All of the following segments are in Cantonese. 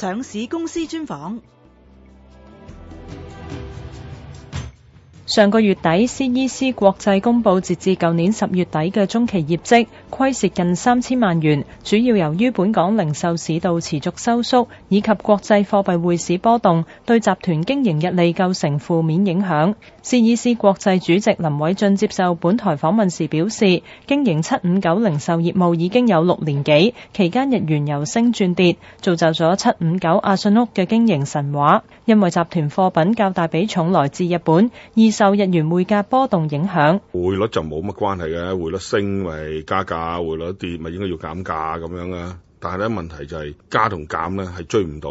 上市公司專訪。上個月底，CEC 國際公佈截至舊年十月底嘅中期業績，虧蝕近三千萬元，主要由於本港零售市道持續收縮，以及國際貨幣匯市波動，對集團經營溢利構成負面影響。CEC 國際主席林偉駿接受本台訪問時表示，經營七五九零售業務已經有六年幾，期間日元由升轉跌，造就咗七五九阿信屋嘅經營神話。因為集團貨品較大比重來自日本，二受日元匯價波動影響，匯率就冇乜關係嘅，匯率升咪加價，匯率跌咪應該要減價咁樣啊。但係咧問題就係、是、加同減咧係追唔到，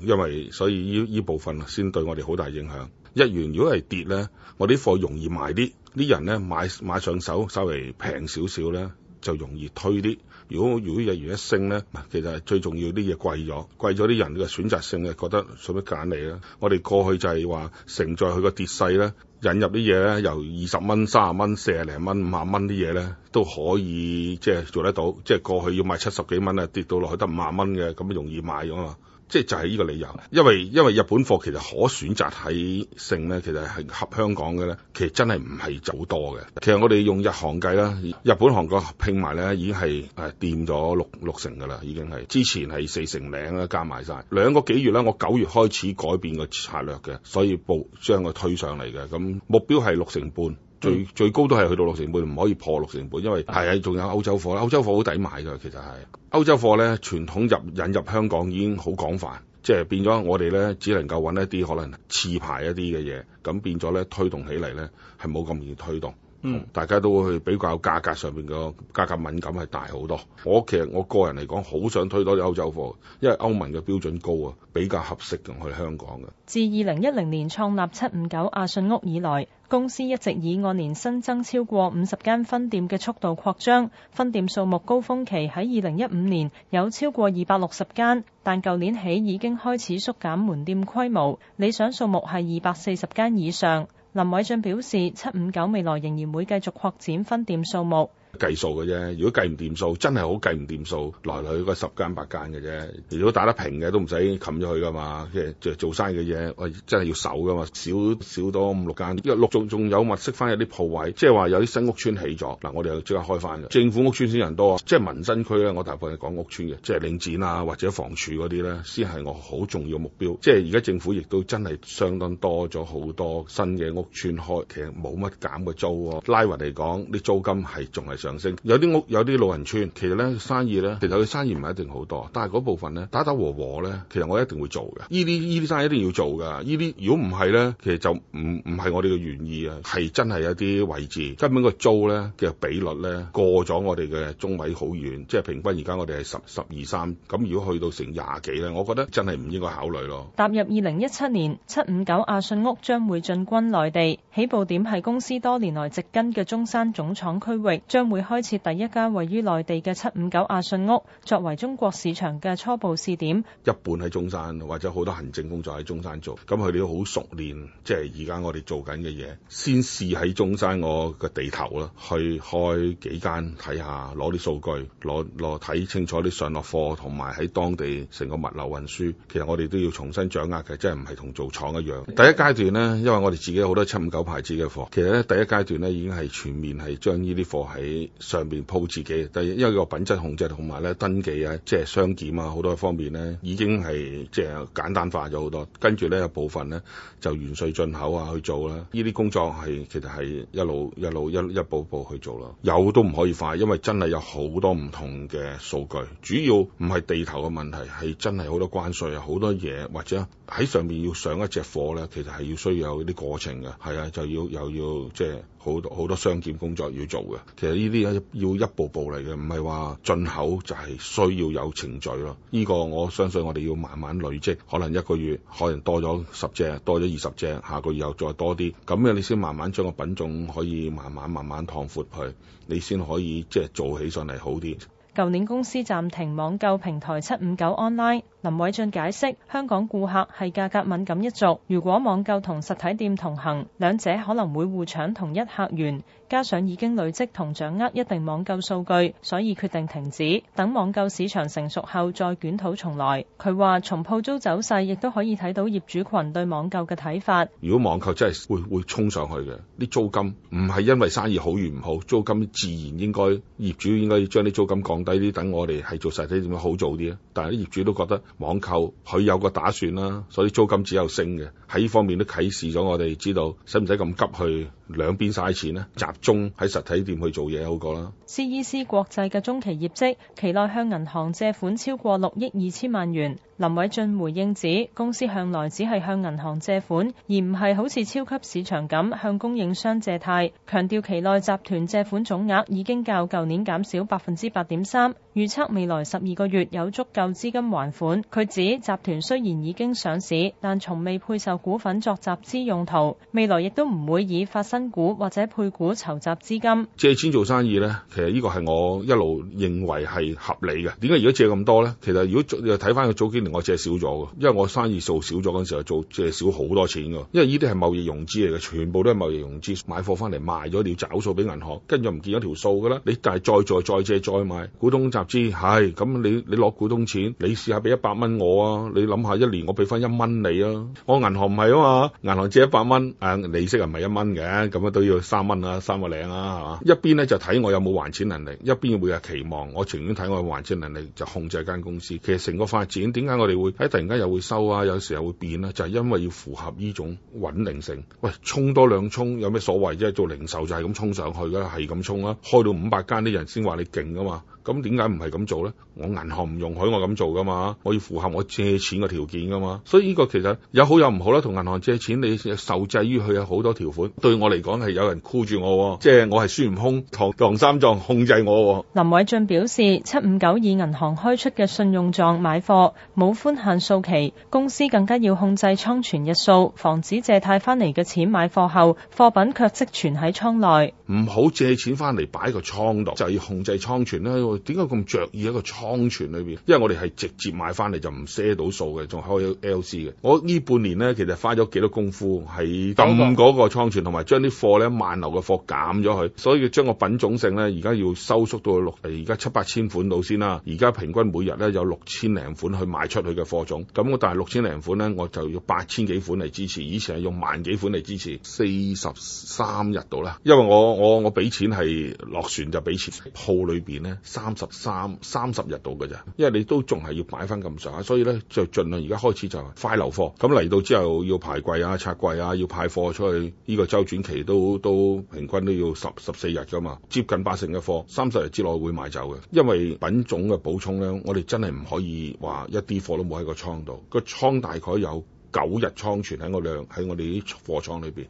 因為所以呢呢部分先對我哋好大影響。日元如，如果係跌咧，我啲貨容易賣啲，啲人咧買買上手稍微平少少咧就容易推啲。如果如果日元一升咧，其實最重要啲嘢貴咗，貴咗啲人嘅選擇性係覺得做乜揀你咧？我哋過去就係話承載佢個跌勢咧。引入啲嘢咧，由二十蚊、三十蚊、四十零蚊、五十蚊啲嘢咧，都可以即係做得到。即係過去要賣七十幾蚊啊，跌到落去得五十蚊嘅，咁容易賣咗嘛。即係就係呢個理由，因為因為日本貨其實可選擇喺性咧，其實係合香港嘅咧，其實真係唔係就好多嘅。其實我哋用日韓計啦，日本韓國拼埋咧，已經係誒掂咗六六成㗎喇，已經係之前係四成零啦，加埋晒。兩個幾月咧，我九月開始改變個策略嘅，所以步將佢推上嚟嘅，咁目標係六成半。最最高都係去到六成半，唔可以破六成半，因為係啊，仲的有歐洲貨啦。歐洲貨好抵買㗎，其實係歐洲貨咧，傳統入引入香港已經好廣泛，即係變咗我哋咧，只能夠搵一啲可能次牌一啲嘅嘢，咁變咗，咧推動起嚟咧係冇咁容易推動。嗯，大家都會去比較價格上面嘅價格敏感係大好多。我其實我個人嚟講，好想推多啲歐洲貨，因為歐盟嘅標準高啊，比較合適同去香港嘅。自二零一零年創立七五九阿信屋以來，公司一直以按年新增超過五十間分店嘅速度擴張，分店數目高峰期喺二零一五年有超過二百六十間，但舊年起已經開始縮減門店規模，理想數目係二百四十間以上。林偉駿表示，七五九未來仍然會繼續擴展分店數目。計數嘅啫，如果計唔掂數，真係好計唔掂數，來來去個十間八間嘅啫。如果打得平嘅都唔使冚咗佢噶嘛。即係做生意嘅嘢、哎就是，我真係要守噶嘛。少少多五六間，六仲仲有物識翻一啲鋪位，即係話有啲新屋邨起咗嗱，我哋又即刻開翻嘅。政府屋邨先人多，啊，即係民生區咧，我大部分係講屋邨嘅，即、就、係、是、領展啊或者房署嗰啲咧，先係我好重要目標。即係而家政府亦都真係相當多咗好多新嘅屋邨開，其實冇乜減嘅租、啊，拉勻嚟講，啲租金係仲係。上升，有啲屋有啲老人村，其實咧生意咧，其實佢生意唔係一定好多，但係嗰部分咧打打和和咧，其實我一定會做嘅。呢啲依啲生意一定要做㗎。呢啲如果唔係咧，其實就唔唔係我哋嘅願意啊。係真係有啲位置根本個租咧嘅比率咧過咗我哋嘅中位好遠，即係平均而家我哋係十十二三，咁如果去到成廿幾咧，我覺得真係唔應該考慮咯。踏入二零一七年，七五九阿信屋將會進軍內地，起步點係公司多年來植根嘅中山總廠區域，將會開設第一間位於內地嘅七五九阿信屋，作為中國市場嘅初步試點。一半喺中山，或者好多行政工作喺中山做。咁佢哋都好熟練，即係而家我哋做緊嘅嘢，先試喺中山我個地頭咯，去開幾間睇下，攞啲數據，攞攞睇清楚啲上落貨，同埋喺當地成個物流運輸。其實我哋都要重新掌握嘅，即係唔係同做廠一樣。第一階段呢，因為我哋自己好多七五九牌子嘅貨，其實咧第一階段呢已經係全面係將呢啲貨喺。上面鋪自己，但係因為個品質控制同埋咧登記啊，即係商檢啊，好多方面咧已經係即係簡單化咗好多。跟住咧有部分咧就完稅進口啊去做啦，呢啲工作係其實係一路一路一一步一步去做咯。有都唔可以快，因為真係有好多唔同嘅數據，主要唔係地頭嘅問題，係真係好多關稅啊，好多嘢，或者喺上面要上一隻貨咧，其實係要需要有啲過程嘅。係啊，就要又要即係。好多好多商檢工作要做嘅，其實呢啲係要一步步嚟嘅，唔係話進口就係需要有程序咯。呢、呢個我相信我哋要慢慢累積，可能一個月可能多咗十隻，多咗二十隻，下個月又再多啲，咁樣你先慢慢將個品種可以慢慢慢慢擴闊去，你先可以即係、就係、做起上嚟好啲。舊年公司暫停網購平台759 Online，林偉駿解釋香港顧客係價格敏感一族，如果網購同實體店同行，兩者可能會互搶同一客源，加上已經累積同掌握一定網購數據，所以決定停止，等網購市場成熟後再捲土重來。佢話從鋪租走勢亦都可以睇到業主群對網購嘅睇法。如果網購真係會會衝上去嘅，啲租金唔係因為生意好與唔好，租金自然應該業主應該要將啲租金降，低啲，等我哋係做實體店好做啲啊，但係啲業主都覺得網購佢有個打算啦，所以租金只有升嘅。喺呢方面都啟示咗我哋，知道使唔使咁急去？兩邊嘥錢，咧，集中喺實體店去做嘢好過啦。C E C 國際嘅中期業績，期內向銀行借款超過六億二千萬元。林偉駿回應指，公司向來只係向銀行借款，而唔係好似超級市場咁向供應商借貸。強調期內集團借款總額已經較舊年減少百分之八點三，預測未來十二個月有足夠資金還款。佢指集團雖然已經上市，但從未配售股份作集資用途，未來亦都唔會以發生股或者配股籌集資金，借錢做生意咧，其實呢個係我一路認為係合理嘅。點解而家借咁多咧？其實如果睇翻佢早幾年，我借少咗嘅，因為我生意數少咗嗰陣時候做借少好多錢嘅，因為呢啲係貿易融資嚟嘅，全部都係貿易融資買貨翻嚟賣咗你要找數俾銀行，跟住唔見咗條數噶啦。你但係再再再借再買股東集資係咁，你你攞股東錢，你試下俾一百蚊我啊，你諗下一年我俾翻一蚊你啊，我銀行唔係啊嘛，銀行借一百蚊，誒、啊、利息又唔係一蚊嘅。咁啊都要三蚊啦，三個零啦，一邊咧就睇我有冇還錢能力，一邊會有期望。我情願睇我嘅還錢能力就控制間公司。其實成個發展點解我哋會喺突然間又會收啊？有時候會變咧、啊，就係、是、因為要符合呢種穩定性。喂，衝多兩衝有咩所謂啫？即係做零售就係咁衝上去噶，係咁衝啊！開到五百間啲人先話你勁噶嘛？咁點解唔係咁做呢？我銀行唔容許我咁做噶嘛？我要符合我借錢嘅條件噶嘛？所以呢個其實有好有唔好啦。同銀行借錢，你受制於佢有好多條款對我。嚟講係有人箍住我，即係我係孫悟空，唐唐三藏控制我。林偉駿表示，七五九以銀行開出嘅信用狀買貨，冇寬限數期，公司更加要控制倉存日數，防止借貸翻嚟嘅錢買貨後，貨品卻積存喺倉內。唔好借錢翻嚟擺個倉度，就要控制倉存呢，點解咁着意一個倉存裏邊？因為我哋係直接買翻嚟就唔賒到數嘅，仲可以開 L C 嘅。我呢半年呢，其實花咗幾多功夫喺掟個倉存，同埋將。啲貨咧萬流嘅貨減咗佢，所以要將個品種性咧而家要收縮到六，而家七八千款到先啦。而家平均每日咧有六千零款去賣出去嘅貨種，咁我但係六千零款咧，我就要八千幾款嚟支持。以前係用萬幾款嚟支持四十三日到啦，因為我我我俾錢係落船就俾錢，鋪裏邊咧三十三三十日到嘅咋，因為你都仲係要擺翻咁上下，所以咧就盡量而家開始就快流貨，咁嚟到之後要排櫃啊、拆櫃啊，要派貨出去呢個周轉都都平均都要十十四日噶嘛，接近八成嘅貨三十日之內會買走嘅，因為品種嘅補充呢，我哋真係唔可以話一啲貨都冇喺個倉度，個倉大概有九日倉存喺個量，喺我哋啲貨倉裏邊。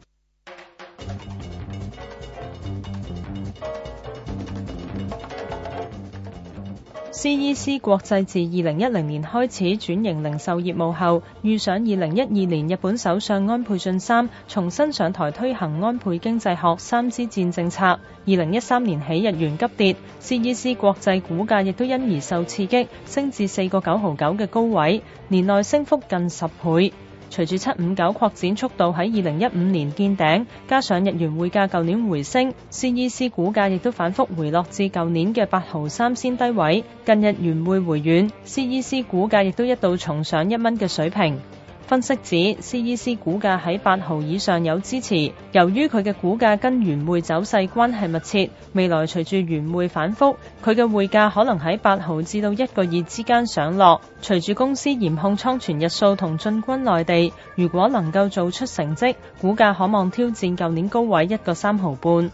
C.E.C 國際自二零一零年開始轉型零售業務後，遇上二零一二年日本首相安倍晉三重新上台推行安倍經濟學三支箭政策。二零一三年起日元急跌，C.E.C 國際股價亦都因而受刺激，升至四個九毫九嘅高位，年內升幅近十倍。隨住七五九擴展速度喺二零一五年見頂，加上日元匯價舊年回升，CEC 股價亦都反覆回落至舊年嘅八毫三仙低位。近日元匯回軟，CEC 股價亦都一度重上一蚊嘅水平。分析指 CEC 股價喺八毫以上有支持，由於佢嘅股價跟圓匯走勢關係密切，未來隨住圓匯反覆，佢嘅匯價可能喺八毫至到一個二之間上落。隨住公司嚴控倉存日數同進軍內地，如果能夠做出成績，股價可望挑戰舊年高位一個三毫半。